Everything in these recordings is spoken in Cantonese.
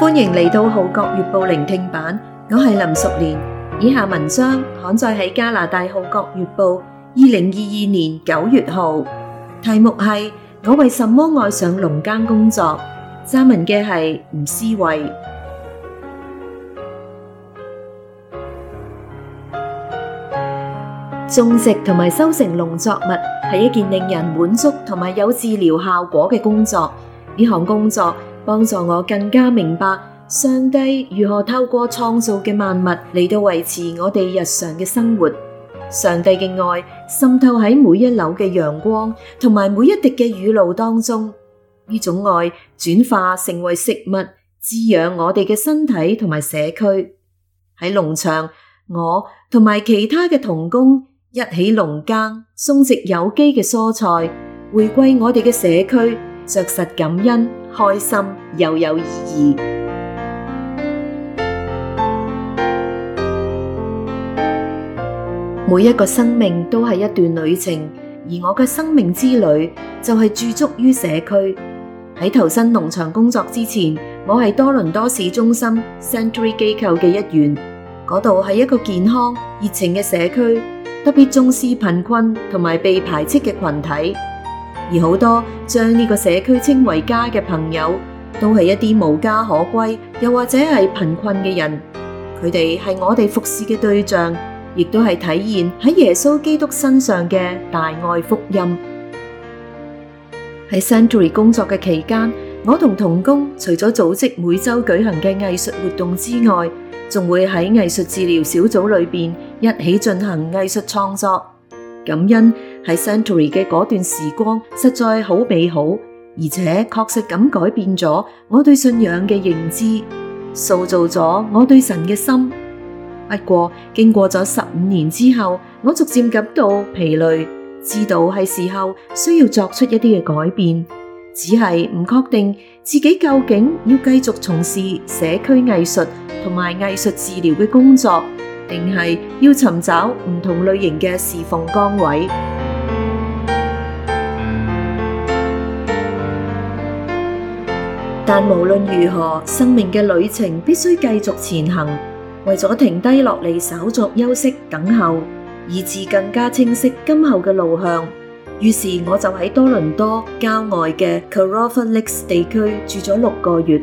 歡迎嚟到《號角月報》聆聽版，我係林淑蓮。以下文章刊載喺加拿大《號角月報》二零二二年九月號，題目係《我為什麼愛上農耕工作》。撰文嘅係吳思慧。種植同埋收成農作物係一件令人滿足同埋有治療效果嘅工作，呢項工作，幫助我更加明白上帝如何透過創造嘅萬物嚟到維持我哋日常嘅生活。上帝嘅愛滲透喺每一縷嘅陽光同埋每一滴嘅雨露當中。呢種愛轉化成為食物，滋養我哋嘅身體同埋社區。喺農場，我同埋其他嘅同工一起農耕，種植有機嘅蔬菜，回饋我哋嘅社區，着實感恩，開心又有意義。每一個生命都係一段旅程，而我嘅生命之旅就係駐足於社區。喺投身農場工作之前，我係多倫多市中心 Century 機構嘅一員。嗰度係一個健康、熱情嘅社區，特別重視貧困同埋被排斥嘅群體。而好多將呢個社區稱為家嘅朋友，都係一啲無家可歸，又或者係貧困嘅人。佢哋係我哋服侍嘅對象，亦都係體現喺耶穌基督身上嘅大愛福音。喺 Century 工作嘅期間，我同同工除咗組織每周舉行嘅藝術活動之外，仲會喺藝術治療小組裏面一起進行藝術創作。感恩喺 Century 嘅嗰段時光實在好美好，而且確實咁改變咗我對信仰嘅認知，塑造咗我對神嘅心。不過經過咗十五年之後，我逐漸感到疲累，知道係時候需要作出一啲嘅改變，只係唔確定自己究竟要繼續從事社區藝術同埋藝術治療嘅工作。定係要尋找唔同類型嘅侍奉崗位，但無論如何，生命嘅旅程必須繼續前行。為咗停低落嚟稍作休息、等候，以至更加清晰今後嘅路向，於是我就喺多倫多郊外嘅 Kawartha Lakes 地區住咗六個月。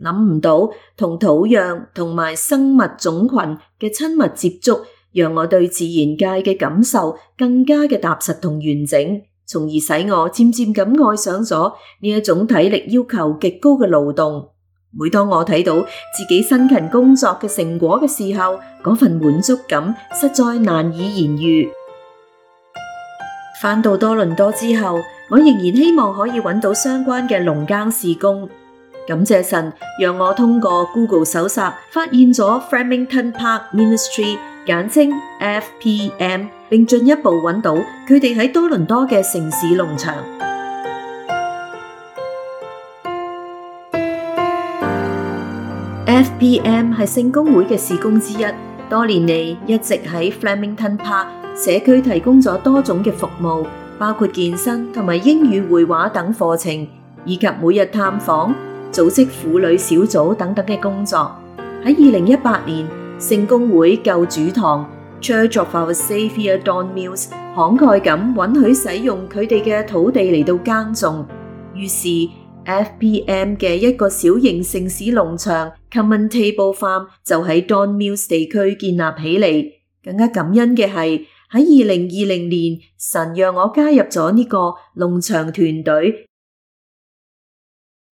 諗唔到同土壤同埋生物種群嘅親密接觸，讓我對自然界嘅感受更加嘅踏實同完整，從而使我漸漸咁愛上咗呢一種體力要求極高嘅勞動。每當我睇到自己辛勤工作嘅成果嘅時候，嗰份滿足感實在難以言喻。返到多倫多之後，我仍然希望可以揾到相關嘅農耕事工。感謝神，讓我通過 Google 搜索發現咗 Flamington Park Ministry，簡稱 FPM。並進一步揾到佢哋喺多倫多嘅城市農場。FPM 係聖公會嘅事工之一，多年嚟一直喺 Flamington Park 社區提供咗多種嘅服務，包括健身同埋英語會話等課程，以及每日探訪。組織婦女小組等等嘅工作。喺二零一八年，聖公會舊主堂 Church of our Saviour Don Mills 慷慨咁允許使用佢哋嘅土地嚟到耕種。於是 FPM 嘅一個小型城市農場 Common Table Farm 就喺 Don Mills 地區建立起嚟。更加感恩嘅係，喺二零二零年，神讓我加入咗呢個農場團隊。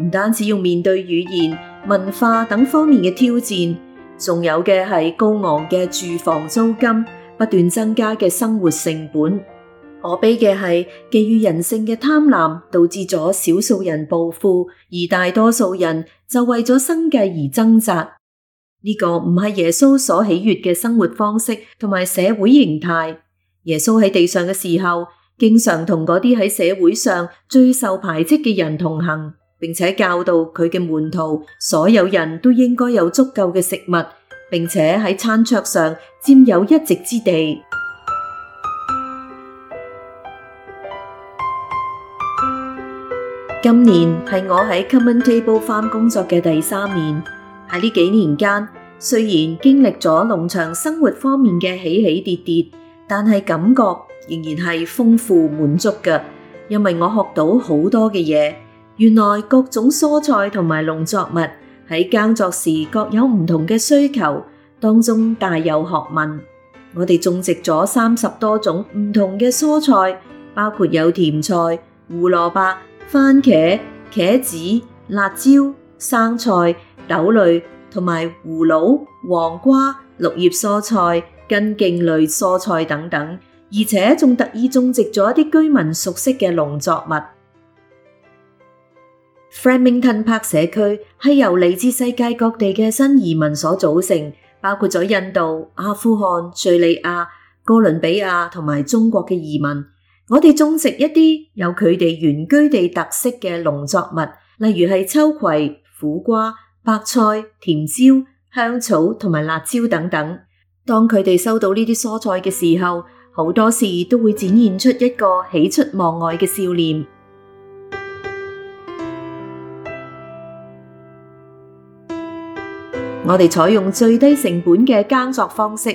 唔單止要面對語言、文化等方面嘅挑戰，仲有嘅係高昂嘅住房租金，不斷增加嘅生活成本。可悲嘅係基於人性嘅貪婪，導致咗少數人暴富，而大多數人就為咗生計而掙扎。呢個唔係耶穌所喜悅嘅生活方式同埋社會形態。耶穌喺地上嘅時候，經常同嗰啲喺社會上最受排斥嘅人同行。並且教導佢嘅門徒，所有人都應該有足夠嘅食物，並且喺餐桌上佔有一席之地。今年係我喺 Common Table Farm 工作嘅第三年。喺呢幾年間，雖然經歷咗農場生活方面嘅起起跌跌，但係感覺仍然係豐富滿足嘅，因為我學到好多嘅嘢。原來各種蔬菜同埋農作物喺耕作時各有唔同嘅需求，當中大有學問。我哋種植咗三十多種唔同嘅蔬菜，包括有甜菜、胡蘿蔔、番茄、茄子、辣椒、生菜、豆類，同埋葫蘆、黃瓜、綠葉蔬菜、根莖類蔬菜等等，而且仲特意種植咗一啲居民熟悉嘅農作物。Framington Park 社區係由嚟自世界各地嘅新移民所組成，包括咗印度、阿富汗、敘利亞、哥倫比亞同埋中國嘅移民。我哋種植一啲有佢哋原居地特色嘅農作物，例如係秋葵、苦瓜、白菜、甜椒、香草同埋辣椒等等。當佢哋收到呢啲蔬菜嘅時候，好多時都會展現出一個喜出望外嘅笑臉。我哋採用最低成本嘅耕作方式，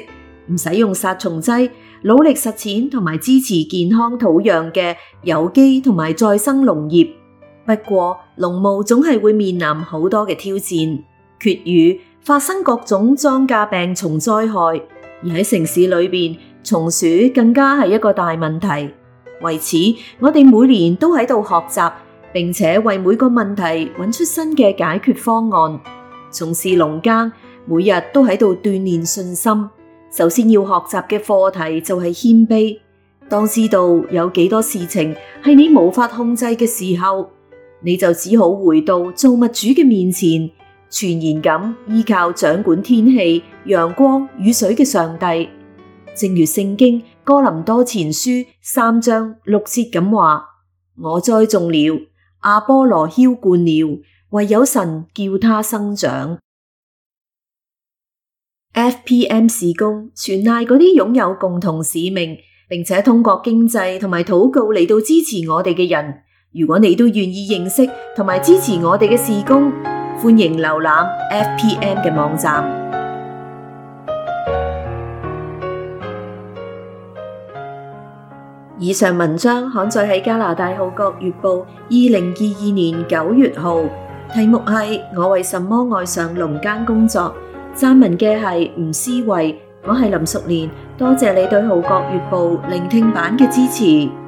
唔使用殺蟲劑，努力實踐同埋支持健康土壤嘅有機同埋再生農業。不過，農務總係會面臨好多嘅挑戰，缺雨，發生各種莊稼病蟲災害，而喺城市裏面，鬆鼠更加係一個大問題。為此，我哋每年都喺度學習，並且為每個問題揾出新嘅解決方案。從事農耕，每日都喺度鍛煉信心。首先要學習嘅課題就係謙卑。當知道有幾多事情係你無法控制嘅時候，你就只好回到造物主嘅面前，全然咁依靠掌管天氣、陽光、雨水嘅上帝。正如聖經哥林多前書三章六節咁話：我栽種了，阿波羅澆冠澆灌了。唯有神叫他生長。FPM 事工全賴嗰啲擁有共同使命，並且通過經濟同埋禱告嚟到支持我哋嘅人。如果你都願意認識同埋支持我哋嘅事工，歡迎瀏覽 FPM 嘅網站。 以上文章刊載喺加拿大《號角月報》二零二二年九月號。題目是我為什麼愛上農耕工作？撰文嘅係吳思維，我是林淑蓮，多謝你對《號角月報》聆聽版嘅支持。